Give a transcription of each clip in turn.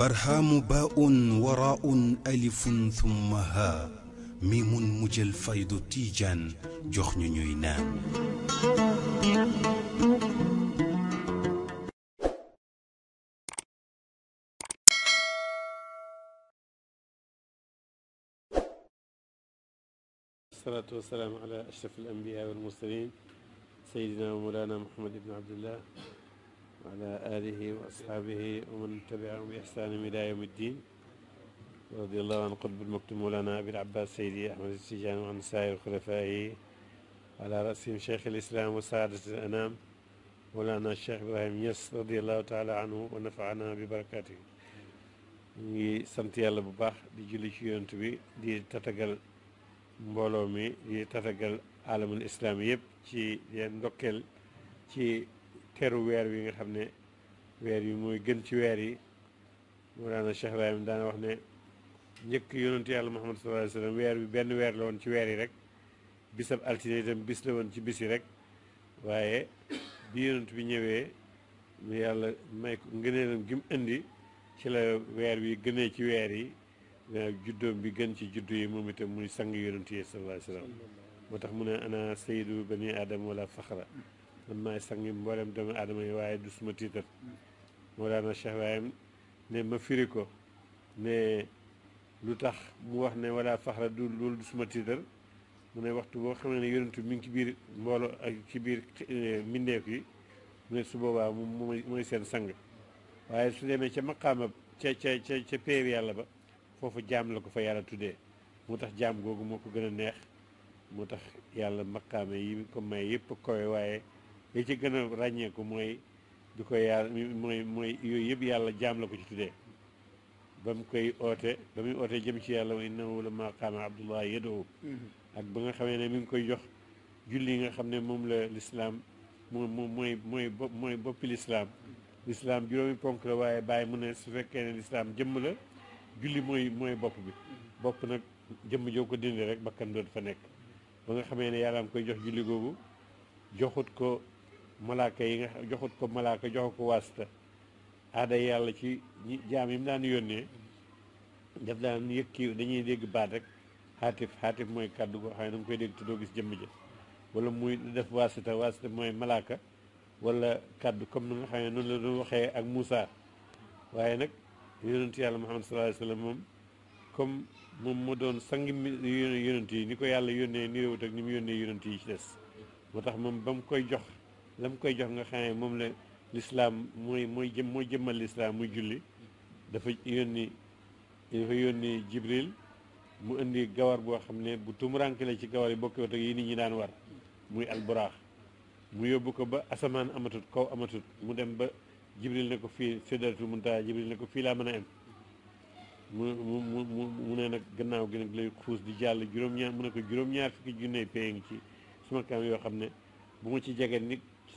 برهام باء وراء ألف ثم ها ميم مجل فيض تيجان جخن نينان الصلاة والسلام على أشرف الأنبياء والمرسلين سيدنا ومولانا محمد بن عبد الله وعلى آله وأصحابه ومن تبعهم بإحسان إلى يوم الدين رضي الله عن قلب المكتوم لنا أبي العباس سيدي أحمد السجان وعن سائر خلفائه على رأسهم شيخ الإسلام وسادة الأنام مولانا الشيخ إبراهيم يس رضي الله تعالى عنه ونفعنا ببركاته ني سنت يالا بو باخ دي جولي سي يونت بي دي tatagal mbooloo mi di tatagal alamul islaami yëpp ci leen ndokkeel ci teru weer wi nga xam ne weer yi mooy gën ci weer yi moo daana Cheikh daana wax ne njëkk yonentu yàlla Muhammad sallallahu alayhi weer bi benn weer la woon ci weer yi rek bisab altine itam bis la woon ci bis yi rek waaye bi yonent bi ñëwee lu yàlla may ko ngëneelam gi mu indi ci la weer wi gënee ci weer yi juddoom bi gën ci juddu yi moom itam muy sang yonent yi sallallahu alayhi wa moo tax mu ne ana sayyidu bani aadama wala faxra man maay sang yi mboolem doomu aadama yi waaye du suma tiitar Mawlana Cheikh waaye ne ma firi ko ne lu tax mu wax ne wala faxra du loolu du suma tiitar mu ne waxtu boo xam ne yonent mi ngi ci biir mbooloo ak ci biir eh, mbindeef yi mu ne su boobaa mu mooy seen sang waaye su demee ca maqaama ca ca ca ca péer yàlla ba foofu jaam la ko fa yàlla tuddee moo tax jaam googu moo ko gën a neex moo tax yàlla maqaama yi ko may yëpp kowe waaye li ci gën ràññeeku mooy bi ko yàlla mooy mooy yooyu yëpp yàlla jaam la ko ci tuddee ba mu koy oote ba muy oote jëm ci yàlla wa innahu la maqaama abdullah yadoo mm-hmm. ak ba nga xamee ne mi ngi koy jox julli yi nga xam ne moom la lislaam moom moom mooy mooy bopp mooy boppi lislaam lislaam juróomi ponk la waaye bàyyi mu ne su fekkee ne lislaam jëmm la julli mooy mooy bopp bi bopp nag jëmm joo ko dindi rek bakkan doon fa nekk ba nga xamee ne yàlla am koy jox julli googu joxut ko malaaka yi nga joxut ko malaaka joxu ko waasta aada yàlla ci jaam yi mu daan yónnee daf daan yëkki dañuy dégg baat rek xaatif xaatif mooy kàddu goo xam ne da nga koy dégg te doo gis jëmm ja wala muy def waasita waasita mooy malaaka wala kàddu comme ni nga xam ne noonu la doon waxee ak Moussa waaye nag yonent yàlla Muhammad sallallahu alayhi wa moom comme moom moo doon sangi yonent yi ni ko yàlla yónnee ni réewut ni mu yónnee yonent yi ci des moo tax moom ba mu koy jox la mu koy jox nga xam moom la lislaam mooy mooy jëm mooy jëmmal lislaam muy julli dafa yónni dafa yónni jibril mu indi gawar boo xam ne bu tumuranke la ci gawar yi bokki wat ak yi nit ñi daan war muy alburaax mu yóbbu ko ba asamaan amatut kaw amatut mu dem ba jibril ne ko fii séddatu munta jibril ne ko fii laa mën a am mu mu mu mu ne nag gannaaw gi nag lay xuus di jàll juróom-ñaar mu ne ko juróom-ñaar fukki junne pay ngi ci suma kam yoo xam ne bu ma ci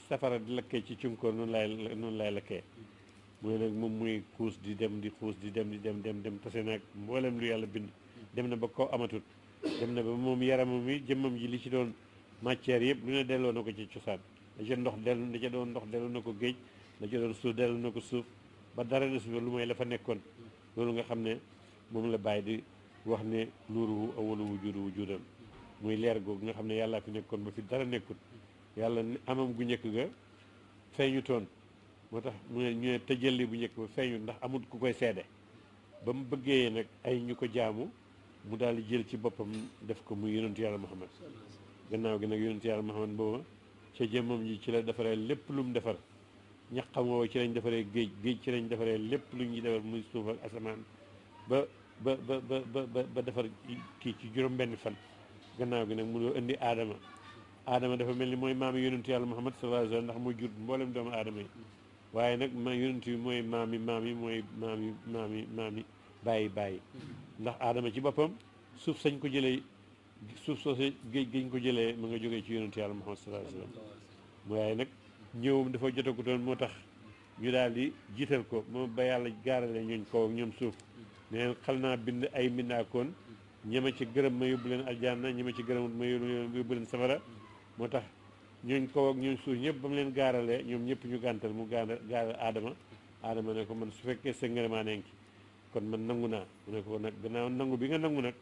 safara di lakkee ci cumkoor noonu laay noonu laay lakkee mooy nag moom muy xuus di dem di xuus di dem di dem dem dem tase nag mboolem lu yàlla bind dem na ba kaw amatut dem na ba moom yaramam wi jëmmam ji li ci doon matière yëpp lu ne delloo na ko ci cosaan ndox dellu la ca doon ndox na ko géej la ca doon suuf delloo na ko suuf ba dara desu lu mooy la fa nekkoon loolu nga xam ne moom la bàyyi di wax ne nuuru wu nuuruhu awwalu wujudi wujudan muy leer googu nga xam ne yàllaa fi nekkoon ba fi dara nekkut yàlla ni amam gu njëkk ga feeñu toon moo tax mu ne ñu ne bu njëkk ba feeñu ndax amut ku koy seede ba mu bëggee nag ay ñu ko jaamu mu daal di jël ci boppam def ko muy yonentu yàlla Muhammad gannaaw gi nag yonentu yàlla Muhammad booba ca jëmmam ji ci la defaree lépp lu mu defar ñaqam ci lañ defaree géej géej ci lañ defaree lépp lu ñuy defar muy suuf ak asamaan ba ba ba ba ba defar kii ci juróom benn fan gannaaw gi nag mënoo indi aadama aadama dafa mel ni mooy maami yonentu yàlla muhammad sallallahu alayhi wa sallam ndax mooy jur mboolem doomu aadama yi waaye nag ma yonent yi mooy maami maami mooy maami maami maami bàyyi bàyyi ndax aadama ci boppam suuf sañ ko jëlee suuf soosé géej gañ ko jëlee mu nga jógee ci yonentu yàlla muhammad sallallahu alayhi wa sallam waaye nag ñëwam dafa jotagutoon moo tax ñu daal di jiital ko moo ba yàlla gaarale ñooñ kaw ak ñoom suuf neen xal naa bind ay mbindaakoon ñema ci gërëm ma yóbbu leen aljanna ñema ci gërëmut ma yóbbu leen moo tax ñooñ kaw ak ñooñ suuf ñëpp ba mu leen gaarale ñoom ñëpp ñu gàntal mu gaara gaaral aadama aadama ne ko man su fekkee sa ngërëmaa nekk kon man nangu naa mu ne ko nag gannaaw nangu bi nga nangu nag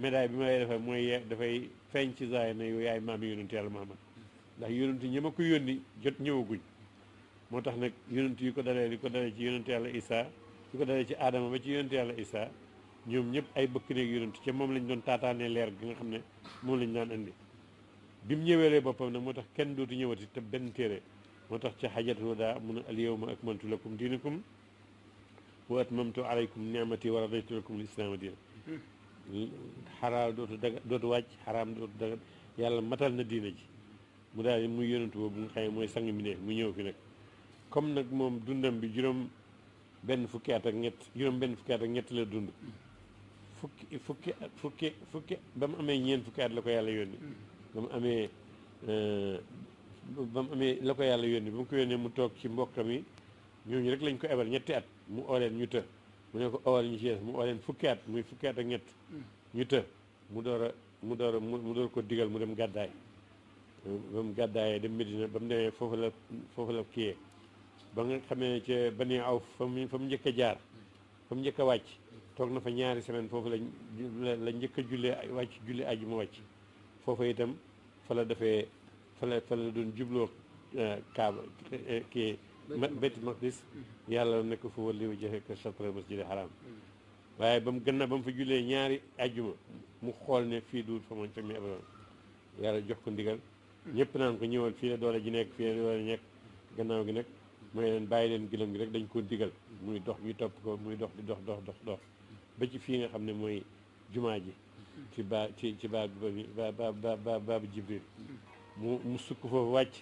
médaille bi ma lay mooy dafay feeñ ci zaay na yow yaay maam yonent yàlla Muhammad ndax yonent ñi ma ko yónni jot ñëwaguñ moo tax nag yonent yu ko dalee li ko dalee ci yonent yàlla Isaa yu ko dalee ci aadama ba ci yonent yàlla Isaa ñoom ñëpp ay bëkk néeg yonent ca moom lañ doon taataanee leer gi nga xam ne moom lañ daan indi bi mu ñëwelee boppam nag moo tax kenn dootu ñëwati te benn téere moo tax ci xajatu wadaa mun a alyawma akmaltu lakum diinakum wa atmamtu alaykum ni'mati wa raditu lakum lislaama diina xaraa dootu daga dootu wàcc xaraam dootu daga yàlla matal na diina ji mu daal muy yonentu boobu nga xam mooy sang mi ne mu ñëw fi nag comme nag moom dundam bi juróom benn fukki at ak ñett juróom benn fukki at ak ñett la dund fukki fukki fukki fukki ba mu amee ñeent fukki at la ko yàlla yónni ba mu amee euh, ba mu amee la ko yàlla yónni ba mu ko yónnee mu toog ci mbokkam yi ñooñu rek lañ ko ebal ñetti at mu ooleen ñu të mu ne ko oowal ñu ci des mu ooleen fukki at muy fukki at ak ñett hmm. ñu të mu door mu door a mu door ko digal mu dem gàddaay ba mu gàddaay dem Medina ba mu demee foofu la foofu la kiyee ba nga xamee ca bani aw fa mu njëkk a jaar fa mu njëkk wàcc toog na fa ñaari semaine foofu la la njëkk a jullee wàcc julli aji mu wàcc foofu itam fa la defee fa la fa la doon jubloo eh, kaaba eh, kii béytul maqdis mm-hmm. yàlla nekk fa wali wa jëxeka chatre masjidi haram mm-hmm. waaye ba mu gën na ba mu fa jullee ñaari ajjuma mu xool ne fii duut fa moñ fa mi yàlla jox ko ndigal mm-hmm. ñëpp naan ko ñëwal fii la doole ji nekk fii la doole nekk gannaaw gi nag mooy leen bàyyi leen gëlëm gi rek dañ koo digal muy dox ñu topp ko muy dox di dox dox dox dox ba ci fii nga xam ne mooy jumaa ji ci baa ci ci baa baabu jibril mu mu sukk foofu wàcc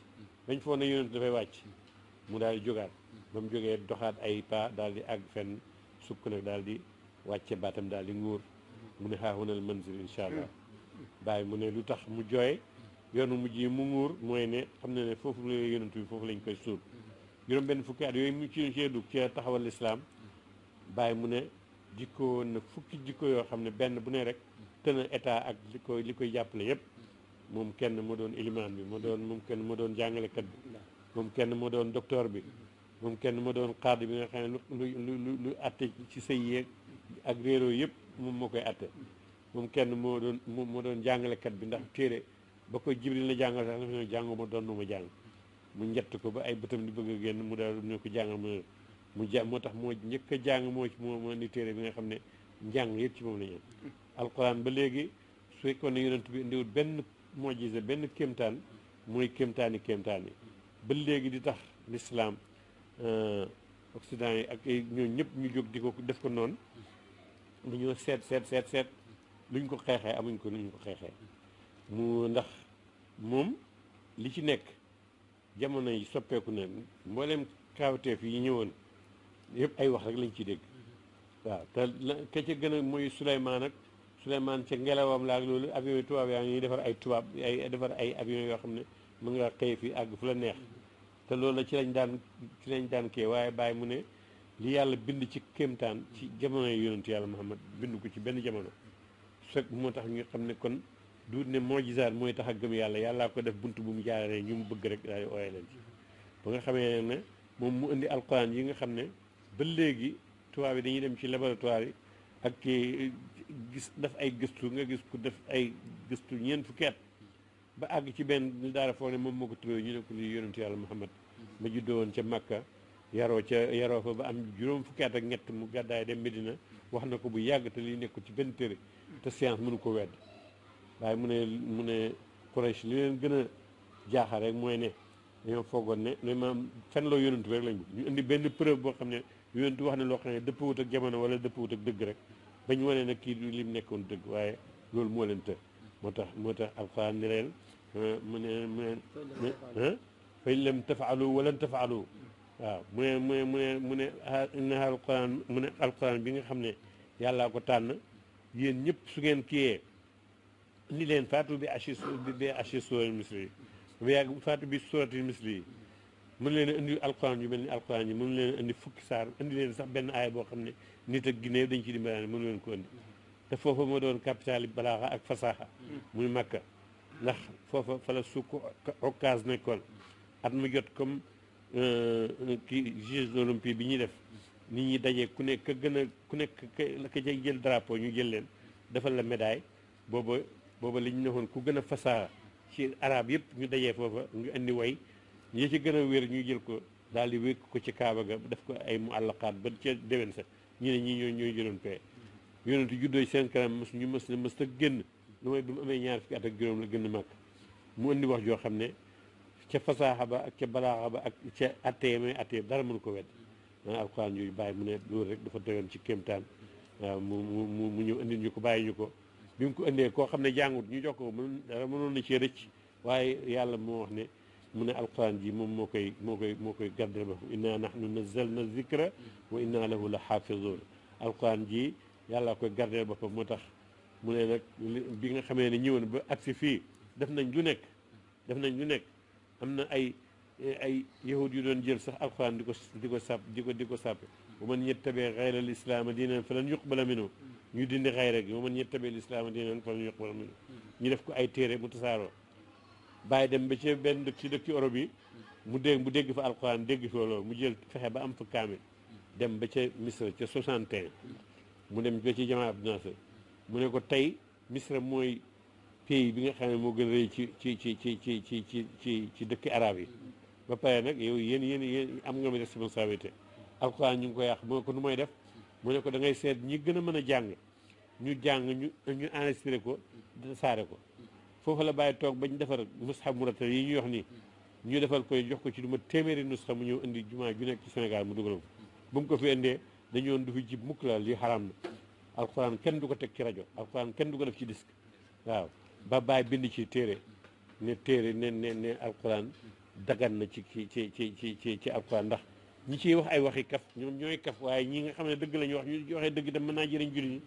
dañ foo ne yonent dafay wàcc mu daal di jógaat ba mu jógee doxaat ay pas daal di àgg fenn sukk nag daal di wàcce baatam daal di nguur mu ne xaaxunal manzil incha allah bàyyi mu ne lu tax mu jooy yoonu mujj yi mu nguur mooy ne xam ne ne foofu la yonent bi foofu lañ koy suul juróom benn fukki at yooyu mu ci cee dugg ci taxawal lislaam baay mu ne jikko woon na fukki jikko yoo xam ne benn bu ne rek na état ak li koy li koy jàppale yëpp moom kenn mu doon ilimaan bi mu doon moom kenn mu doon jàngalekat bi moom kenn mu doon docteur bi moom kenn mu doon xaadi bi nga xam ne lu lu lu lu atte ci sëy yeeg ak réeroo yëpp moom moo koy atte moom kenn moo doon moo doon jàngalekat bi ndax téere ba koy jibril la jàngal sax dafa ñëw jàngu ma doon ma jàng mu njett ko ba ay bëtam ni bëgg a génn mu daal ñu ko jàngal ma mu ja moo tax moo njëkk jàng moo ci moo moo ni téere bi nga xam ne njàng yëpp ci moom la ñu alquran ba léegi su fekkoon ne yonent bi indiwul benn mojise benn kéemtaan mooy kéemtaani kéemtaan ba léegi di tax lislaam eh, occident yi ak ñoo ñëpp ñu jóg di ko def ko noonu lu ñoo seet seet seet seet luñ ko xeexee amuñ ko luñ ko xeexee mu ndax moom li ci nekk jamono yi soppeeku na mbooleem kawteef yi ñëwoon yëpp ay wax rek lañ ci dégg waaw te la ka ca gën a mooy Suleymaan ak Souleymane ca ngelawam la ak loolu ay tubaab ay defar yoo xam ne mu ngi wax fi fu la neex te loolu la ci lañ daan ci lañ daan waaye bàyyi mu ne li yàlla bind ci kéemtaan ci jamono yi yonentu yàlla Muhammad bind ko ci benn jamono sog moo tax ñu xam ne kon du ne mojisaat mooy tax a gëm yàlla yàllaa ko def bunt bu mu jaarale ñu mu bëgg rek daal di ooye leen ci nga xamee ne moom mu indi alquran yi nga xam ne ba léegi tubaab yi dañuy dem ci laboratoire yi ak gis def ay gëstu nga gis ku def ay gëstu ñeent fukki at ba àgg ci benn daara foo ne moom moo ko trouvé ñu ne ko lii yonentu yàlla Muhammad ma mhm. juddoo woon ca Makka yaroo ca yaroo fa ba am juróom fukki at ak ñett mu gàddaay dem Medina wax na ko bu yàgg te lii nekkul ci benn téere te science mënu ko wedd waaye mu ne mu ne Quraysh li leen gën a jaaxal rek mooy ne dañoo foogoon ne li maam fenn loo yonentu rek lañ ñu indi benn preuve boo xam ne yonentu wax ne loo xam ne jamono wala dëppwut dëgg rek bañ wone nag kii du lim nekkoon dëgg waaye loolu moo leen të moo tax moo tax alquran ni leen mu ne mu ne fa in lam tafaalu walan tafaalu waaw mu ne mu ne mu ne mu ne inna alquran mu ne alquran bi nga xam ne yàllaa ko tànn yéen ñëpp su ngeen kiyee ni leen faatu bi achi bi achi sura misli bi yàgg faatu bi surati misli mën leen a indi alquran yu mel ni alquran yi mën leen a indi fukki saar indi leen sax benn aaya boo xam ne nit ak Guinée dañ ci dimbalaa ne mënu leen ko indi te foofa moo doon capital yi balaaxa ak fasaaxa muy Makka ndax foofa fa la sukk occas nekkoon at mu jot comme kii Jeux olympiques bi ñuy def nit ñi daje ku nekk ka gën a ku nekk ka ca jël drapeau ñu jël leen defal la médaille booba booba li ñu ne woon ku gën a fasaaxa ci arab yëpp ñu dajee foofa nga indi way yi ci gën a wér ñu jël ko daal di wékk ko ci kaaba ga def ko ay mu àllqaat ba ca déwén sax ñu ne ñii ñoo ñooy jëloon pee yonent juddoo seen kanam mës ñu mës na génn lu may bi mu amee la gën a màgg mu wax joo xam ne ca fasaaxa ba ak ca balaaxa ak ca attee may attee dara ko wedd maanaam ah, alxuraan yooyu bàyyi mu ne loolu rek dafa doyoon ci kéemtaan waaw ah, mu mu mu ñëw indi ñu ko bàyyi ñu ko bi mu ko indee koo xam ne jàngut ñu jox ko mën dara mënoon na cee rëcc waaye yàlla moo wax ne mu ne alquran ji moom moo koy moo koy moo koy garde ba inna nahnu nazzalna zikra wa inna lahu la xaafizun alquran ji yàlla koy garde boppam moo tax mu ne nag bi nga xamee ne ñëwoon ba agsi fii def nañ lu nekk def nañ lu nekk am na ay ay yahud yu doon jël sax alquran di ko di ko sàpp di ko di ko sàppe wa man yettabee xayra al islaama diinan fa lan yuqbala minhu ñu dindi xayra gi wa man yettabee al islaama diinan fa lan yuqbala minhu ñu def ko ay téere mu tasaaroo bàyyi dem ba ci benn dëkk ci dëkki Europe yi mu dégg mu dégg fa alquran dégg fa loolu mu jël fexe ba am fa kaamil dem ba ca Misra ca 61 mu dem ba ci jamaa Abdu Nasr mu ne ko tey Misra mooy pays bi nga xam ne moo gën a rëy ci ci ci ci ci ci ci ci ci dëkki araab yi ba pare nag yow yéen yéen yéen am nga ma responsabilité alquran ñu ngi ko yàq mu ne ko nu may def mu ne ko da ngay seet ñi gën a mën a jàng ñu jàng ñu ñu enregistré ko saare ko foofu la bàyyi toog bañ defar nusxa murata yi ñuy wax nii ñu defal koy jox ko ci lu ma téeméeri nusxa mu ñëw indi jumaa ju nekk ci Sénégal mu dugal ko bu mu ko fi indee dañoon du fi jib mukk la li xaraam na kenn du ko teg ci rajo alxuraan kenn du ko def ci disque waaw ba bàyyi bind ci téere ne téere ne ne ne alxuraan dagan na ci ci ci ci ci ci alxuraan ndax ñi ciy wax ay waxi kaf ñoom ñooy kaf waaye ñi nga xam ne dëgg la ñu wax ñu waxee dëgg dem mën naa jëriñ jur ñi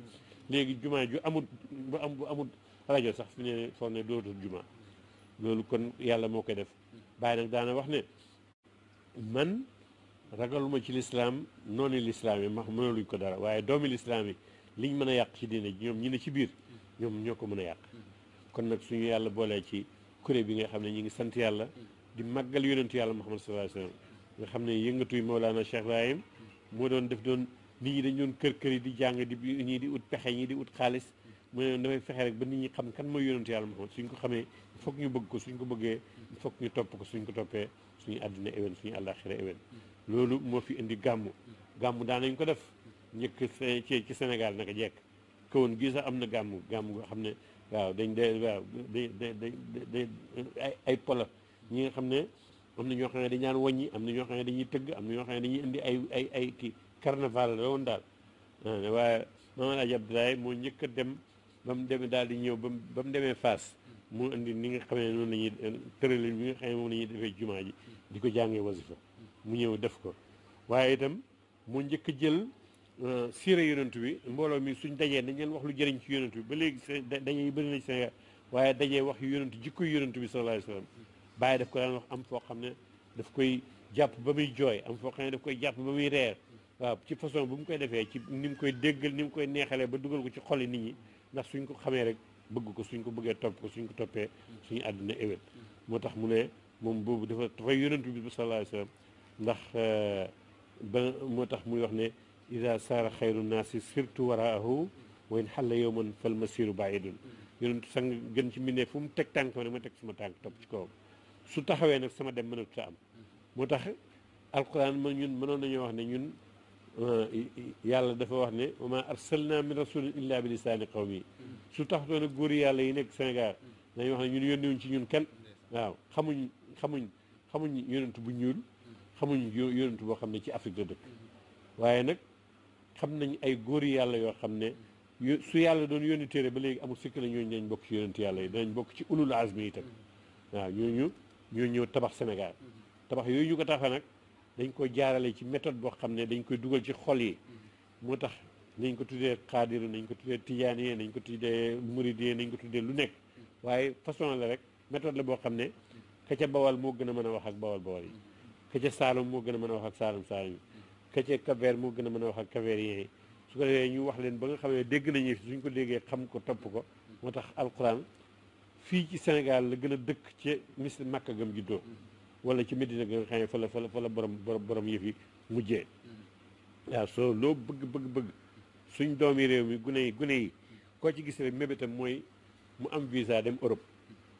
léegi jumaa ju amut bu am bu amut rajo sax fi ne foog ne dootul juma loolu kon yàlla moo koy def bàyyi nag daana wax ne man ragaluma ci lislaam noonu lislaam yi max mënaluñ ko dara waaye doomi lislaam yi liñ mën a yàq ci diine ñoom ñi ne ci biir ñoom ñoo ko mën a yàq kon nag suñu yàlla boolee ci kuréel bi nga xam ne ñu ngi sant yàlla di màggal yonentu yàlla Muhammad sallallahu alayhi wasallam nga xam ne yëngatuy Mawlaana Cheikh Ibrahim moo doon def doon nit ñi dañ doon kër kër yi mu ne fexe rek ba nit ñi xam kan mooy yonent yàlla Muhammad suñ ko xamee foog ñu bëgg ko suñ ko bëggee foog ñu topp ko suñ ko toppee suñu àdduna ewen suñu àllaaxira ewen loolu moo fi indi gàmmu gàmmu daan nañ ko def njëkk ci ci Sénégal naka jekk kawoon gii sax am na gàmmu gàmmu goo xam ne waaw dañ day waaw ay ay pola ñi nga xam ne am na ñoo xam ne dañ daan wàññi am na ñoo xam ne dañuy tëgg am na ñoo xam ne dañuy indi ay ay ay kii carnaval la woon daal waaye Mamadou Abdoulaye moo njëkk a dem ba mu demee daal di ñëw ba mu ba mu demee Fass mu indi ni nga xamee noonu la ñuy tëralin bi nga xamee moom la ñuy defee jumaa ji di ko jàngee wasifa mu ñëw def ko waaye itam mu njëkk jël euh, siira yonent bi mbooloo mi suñ dajee dañ leen wax lu jëriñ ci yonent bi ba léegi daje yu bëri na ci waaye dajee wax yu yonent jikko yonent bi sallallahu alayhi wa sallam bàyyi daf ko daan wax am foo xam ne daf koy jàpp ba muy jooy am foo xam ne daf koy jàpp ba muy reer waaw ci façon bu mu koy defee ci ni koy déggal ni mu koy neexalee ba dugal ko ci xoli nit ñi ndax suñ ko xamee rek bëgg ko suñ ko bëggee topp ko suñ ko toppee suñ àddina éwét moo tax mu ne moom boobu dafa dafay yonent bi sallallahu alayhi wasallam ndax ba moo tax muy wax ne ida saara xayru naasi sirtu waraahu wa in xalla yowman fal masiru baidun yonent sang gën ci mbindee fu mu teg tànk ma ne ma teg sama tànk topp ci kawam su taxawee nag sama dem mënatu ta am moo tax alquran ma ñun mënoon nañoo wax ne ñun yàlla dafa wax ne wa maa arsalna min rasulin illa bi lisaani qawmi su tax ak góor yàlla yi nekk Sénégal dañuy wax ne ñun yónniwuñ ci ñun kenn waaw xamuñ xamuñ xamuñ yonent bu ñuul xamuñ yonent boo xam ne ci Afrique la dëkk waaye nag xam nañ ay góor yàlla yoo xam ne su yàlla doon yónni téere ba léegi amul sikk na ñooñu dañ bokk ci yonent yàlla yi danañ bokk ci ulul azmi itam waaw ñooñu ñoo ñëw tabax Sénégal tabax yooyu ñu ko taxa nag dañ ko jaarale ci méthode boo xam ne dañ koy dugal ci xol yi moo tax nañ ko tuddee xaadir nañ ko tuddee tijaan yi nañ ko tuddee murid yi nañ ko tuddee lu nekk waaye façon la rek méthode la boo xam ne ka bawal moo gën a mën a wax ak bawal bawal yi ka ca saalum moo gën a mën a wax ak saalum saalum yi ka ca kaveer moo gën a mën a wax ak kaveer yi su ko defee ñu wax leen ba nga xam ne dégg nañu suñ ko déggee xam ko topp ko moo tax alquran fii ci Sénégal la gën a dëkk ci mis Makka gëm juddoo wala ci Medina nga xam ne fa la fa la fa la borom borom yëf yi mujjee waaw soo loo bëgg bëgg bëgg suñ doomi réew mi gune yi gune yi koo ci gis rek mébétam mooy mu am visa dem Europe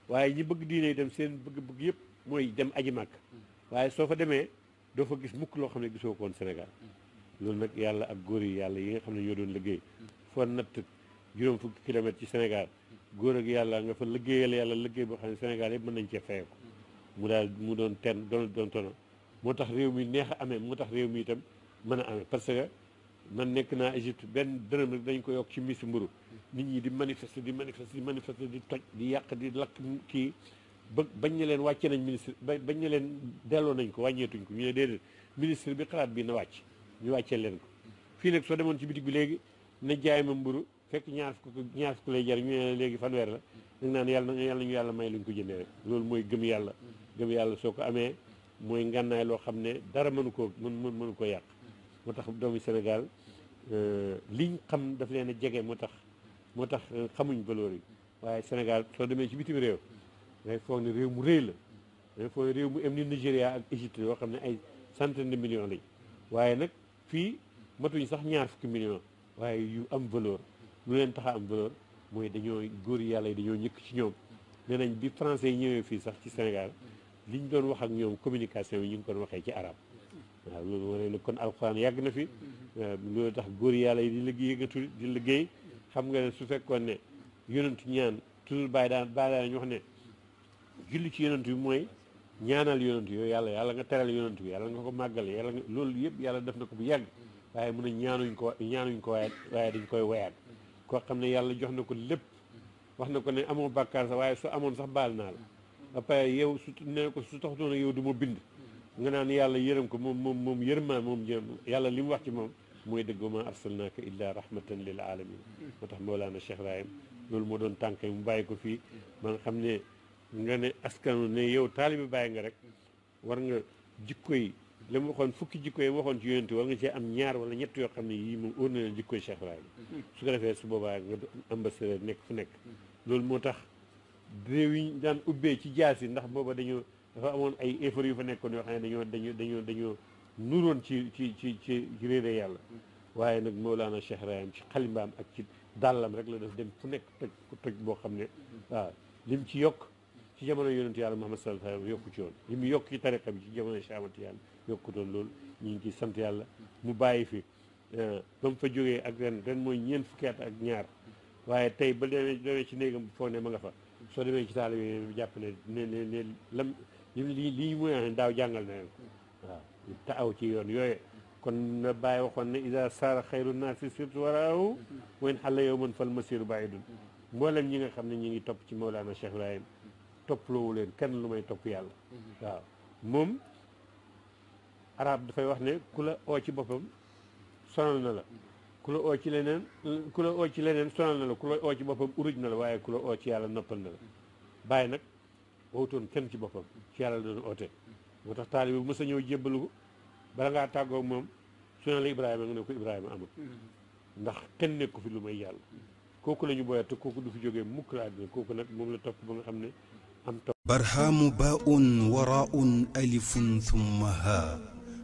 waaye ñi bëgg diine dem seen bëgg-bëgg yëpp mooy dem aji màkk waaye soo fa demee doo fa gis mukk loo xam ne gisoo koon Sénégal loolu nag yàlla ak góor yi yàlla yi nga xam ne ñoo doon liggéey foo natt juróom fukki kilomètres ci senegal góor ak yàlla nga fa liggéeyal boo xam ne Sénégal mën nañ cee fayeku mu daal mu doon ten doon doon tono moo tax réew mi neex a amee moo tax réew mii tam mën a amee parce que man nekk naa Égypte benn dërëm rek dañ ko yokk ci misi mburu nit ñi di manifester di manifester di di toj di yàq di lakk kii ba bañ na leen wàcce nañ ministre ba bañ na leen delloo nañ ko wàññeetuñ ko ñu ne déedéet ministre bi xalaat bi na wàcc ñu wàccee leen ko fii nag soo demoon ci bitig bi léegi na jaay a mburu fekk ñaar fukk ñaar fukk lay jar ñu ne léegi fanweer la dag naan yàlla yàlla yàlla may luñ ko jëndee rek loolu mooy gëm yàlla gëm yàlla soo ko amee mooy ngànnaay loo xam ne dara mënu koo mën mënu ko yàq moo tax doomu Sénégal euh, liñ xam daf leen a jege moo tax moo tax euh, xamuñ valeur yi waaye Sénégal soo demee ci bitim réew dangay foog ne réew mu rëy la dangay foog ne réew mu am ni Nigéria ak Égypte yoo xam ne ay centaine de million lañ waaye nag fii matuñ sax ñaar fukki million waaye yu am valeur lu leen tax a am valeur mooy dañoo góor yàlla yi dañoo ñëkk ci ñoom nee nañ bi français yi ñëwee fii sax ci Sénégal liñ doon wax ak ñoom communication yi ñu ngi ko waxee ci arab waaw loolu wane ne kon alxuraan yàgg na fi loolu tax góor yàlla yi di liggéey yëngatu di liggéey xam nga ne su fekkoon ne yonentu ñaan toujours bàyyi daan bàyyi daan ñu wax ne julli ci yonent bi mooy ñaanal yonent yooyu yàlla yàlla nga teral yonent bi yàlla nga ko màggal yàlla loolu yëpp yàlla def na ko bu yàgg waaye mun a ñaanuñ ko ñaanuñ ko waaye waaye dañ koy wayaat koo xam ne yàlla jox na ko lépp wax na ko ne amoo bàkkaar sax waaye su amoon sax baal naa la ba pare yow su ne ko su taxutoon na yow du ma bind nga naan yàlla yërëm ko moom moom moom yërmaa moom yàlla li mu wax ci moom mooy dëgg ma arsalnaaka illa rahmatan lil alamin moo tax Mawlana Cheikh Ibrahim loolu moo doon tànk mu bàyyi ko fii ba nga xam ne nga ne askanu ne yow taalibi bàyyi nga rek war nga jikko yi li mu waxoon fukki jikko yi waxoon ci yonent war nga cee am ñaar wala ñett yoo xam ne yii moom óor na leen jikkoy Cheikh Ibrahim su ko defee su boobaa nga ambassadeur nekk fu nekk loolu moo tax réew yi daan ubbee ci jaas yi ndax booba dañoo dafa amoon ay effort yu fa nekkoon yoo xam ne dañoo dañoo dañoo dañoo nuroon ci ci ci ci réere yàlla waaye nag Mawlana Cheikh Ibrahim ci xalimbaam ak ci dàllam rek la def dem fu nekk toj toj boo xam ne waaw lim ci yokk ci jamono yonentu yàlla Muhammad sallallahu alayhi wasallam yokku ci woon li mu yokk ci tariqa bi ci jamono Cheikh Ahmad Tidiane yokkutoon loolu ñu ngi ciy sant yàlla mu bàyyi fi euh, ba mu fa jógee ak ren ren mooy ñeent fukki at ak ñaar waaye tey ba demee demee ci néegam foog ne ma nga fa soo demee ci taalibe yi bi jàpp ne ne ne daaw jàngal na leen waaw te aw ci yoon yooye kon na bàyyi waxoon ne ida saara xayru naasi surtout waraahu wayn xalla yow mën fal masiru baidun mboolem ñi nga xam ne ñi ngi topp ci Mawlana Cheikh Ibrahim topploowu leen kenn lu may topp yàlla waaw moom arab dafay wax ne ku la oo ci boppam sonal na la ku la oo ci leneen ku ci leneen sonal na la ku la oo ci boppam urij na la waaye ku la oo ci yàlla noppal na la bàyyi nag wowutoon kenn ci boppam ci yàlla doon oote moo tax taalibe bu mës a ñëw jébbalu bala ngaa tàggoog moom su ne la Ibrahima nga ne ko Ibrahima amul ndax kenn nekku fi lu may yàlla kooku lañu ñu te kooku du fi jógee mukk la àddina kooku nag moom la topp ba nga xam ne am topp barhaamu baaun waraun alifun thumma ha